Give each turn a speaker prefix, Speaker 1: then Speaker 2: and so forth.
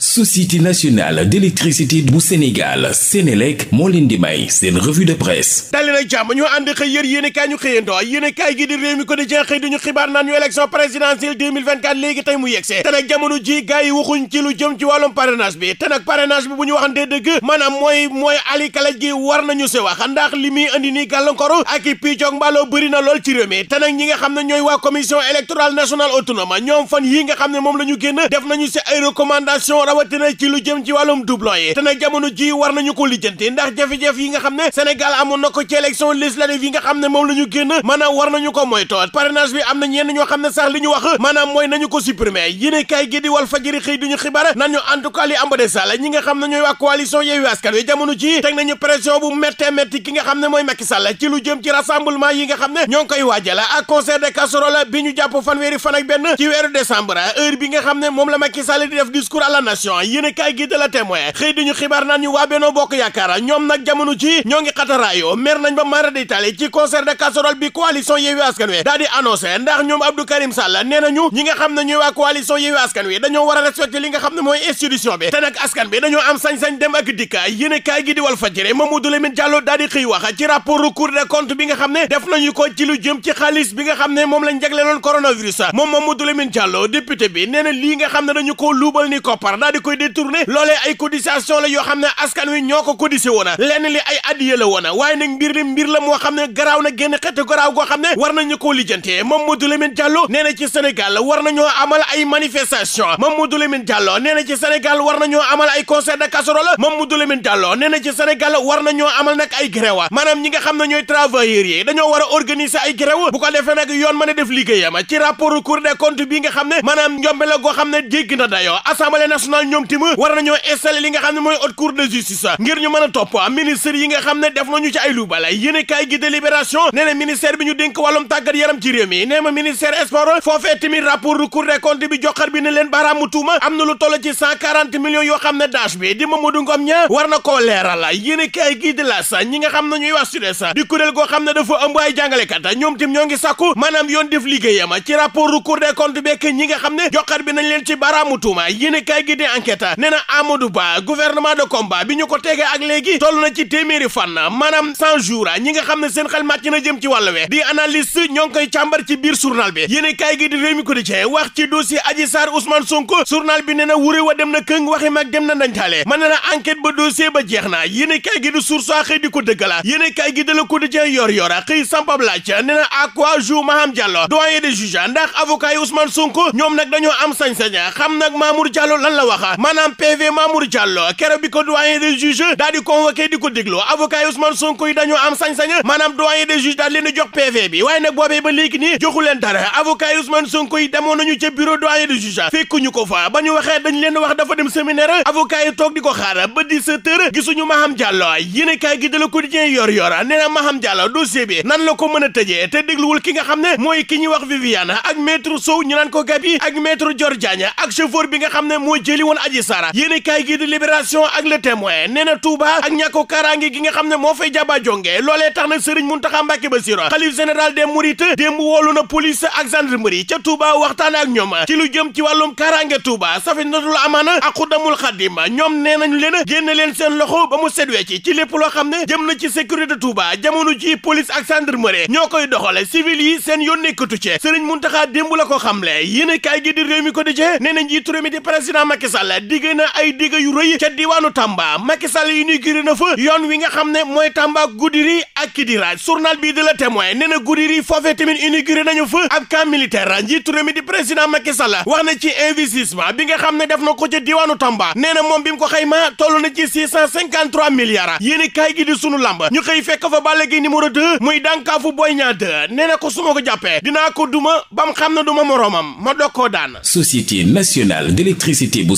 Speaker 1: société nationale d'électricité bu Sénégal Sénélec moo leen di may seen revue de presse dali nag jàmm ñu ànd xëy yër yéen i ñu xëyandoo yéen i gi di réew mi ko di jeex xëy dañu xibaar naan ñu élection présidentielle léegi tey mu yegsee te nag jamono ji gars yi waxuñ ci lu jëm ci wàllum parrainage bi te nag parrainage bi bu ñu dëgg maanaam mooy mooy ali kalaj gi war nañu si wax li muy andi nii gàllankoor ak i piicoog mbaaloo bëri na lool xam ne ñooy moom la ñu génn def nañu si rawatina ci lu jëm ci wàllum doublon yi te nag jamono ji war nañu ko lijjanti ndax jafe-jafe yi nga xam ne Sénégal amoon na ko ci élection législative yi nga xam ne moom la ñu génn maanaam war nañu ko moytoot parrainage bi am na ñenn ñoo xam ne sax li ñu wax maanaam mooy nañu ko supprimer yéene kaay gi di Walf Fadjri xëy duñu xibaar naan ñu en tout cas li ambade sall ñi nga xam ne ñooy waa coalition Yewwi Askan Wi jamono ji teg nañu pression bu métte nga xam ne mooy Macky Sall ci lu jëm ci rassemblement yi nga xam ne ñoo ngi koy waajala ak concert de casserole bi ñu jàpp fanweeri fan ak benn ci weeru décembre heure bi nga xam ne moom la Macky Sall di def discours libération yéen kaay gi de la témoin xëy diñu xibaar naan ñu waa Benno Bokk Yaakaar ñoom nag jamono ji ñoo ngi xataraayo mer nañ ba mara détaillé ci concert de casserole bi coalition Yewwi Askan Wi daal di ndax ñoom Abdou Karim Sall nee nañu ñi nga xam ne ñuy waa coalition Yewwi Askan Wi dañoo war a respecté li nga xam ne mooy institution bi te nag askan bi dañoo am sañ-sañ dem ak dikka yéen kaay di Walf Fadjri nga xam ne moom lañ jagleeloon coronavirus moom Mamadou Lamine Diallo député na lii nga xam ko luubal daal di koy détourné loolee ay cotisation la yoo xam ne askan wi ñoo ko cotisé woon lenn li ay addiya la woon waaye nag mbir li mbir la moo xam ne garaaw na génn xeetu garaaw goo xam ne war nañu koo lijjantee Mamadou Lamine Diallo nee na ci Sénégal war nañoo amal ay manifestation Mamadou Lamine Diallo na ci Sénégal war nañoo amal ay concert de casserole Mamadou Lamine Diallo nee na ci Sénégal war nañoo amal nag ay grève maanaam ñi nga xam ne ñooy travailleurs yi dañoo war a organiser ay nag yoon mën a def liggéeyam ci nga xam ne maanaam njombe la goo xam ne jégg na dayoo Assemblée normal ñoom tamit war nañoo installé li nga xam ne mooy haute cour de justice ngir ñu mën a topp ministre yi nga xam ne def nañu ci ay lu bala yéene kaay gi délibération nee na bi ñu dénk wàllum tàggat yaram ci réew mi nee ma ministère sport foofee tamit rapport cour des comptes bi joxar bi ne leen am na lu toll ci cent ne dash bi di Mamadou Ngom ña war na koo leeral yéene kaay gi de sa ñi nga xam ne ñuy wax sudes di kuréel goo xam ne dafa ëmb ay jàngalekat ñoom tim ñoo di enquête nee na Amadou Ba gouvernement de combat bi ñu ko tegee ak léegi toll na ci téeméeri fan maanaam cent jours ñi nga xam ne seen xel jëm ci wàll we di analyste ñoo ngi koy ci biir journal bi yéen kaay gi di Rewmi wax ci dossier Adji Sarr Ousmane Sonko journal bi nee na wa dem na këng waxi mag dem na ndañtaale ma ne na ba dossier ba jeex na yéen kaay gi di A xëy di ko dëggala yéen kaay gi de Le Quotidien yor yor xëy wax maanaam PV Mamour Diallo keroog bi ko doyen des juges daal di convoqué di ko déglu avocat yi Ousmane Sonko yi dañoo am sañ-sañ maanaam doyen des juges daal jox PV bi waaye nag boobee ba léegi nii joxu dara avocat yi Ousmane Sonko yi demoon nañu ca bureau doyen des juges fekkuñu ko fa ba waxee dañ leen wax dafa dem séminaire avocat toog di ko xaar ba 17h gisuñu Maham Diallo yéen a kaay gi de Le Quotidien yor yor nee na a tëjee ne mooy ki ñuy wax Viviane ak maître Sow jëli woon Adji Sarr yéene kaay gi di libération ak le témoin nee na Touba gi nga xam ne moo fay jaba jonge loolee tax na Serigne Mountakha Mbacké Bassirou xalif général des Mourides démb woolu na police ak gendarmerie ca Touba waxtaan ak ñoom ci lu jëm ci wàllum kaaraange Touba Safinatul Amana ak Xudamul Xadim ñoom nee nañu leen génn leen seen loxo ba mu set wecc ci lépp xam ne jëm na ci sécurité Touba jamono ji police ak gendarmerie ñoo koy Macky Sall digg na ay digg yu rëy ca diwaanu Tamba Macky Sall inauguré na fa yoon wi nga xam ne mooy Tamba Goudiri ak Kidira journal bii de la témoin nee na Goudiri foofee tamit inauguré nañu fa ab camp militaire njiitu réew mi di président Macky Sall wax na ci investissement bi nga xam ne def na ko ca diwaanu Tamba nee na moom bi mu ko xayma toll na ci six cent cinquante trois milliards yéen kaay gi di sunu lamb ñu xëy fekk fa Balla Gaye numéro deux muy dànkaafu Boy Niang 2 nee na ko su ma ko jàppee dinaa ko duma ba mu xam ne duma ma doog koo daan société nationale d'électricité bu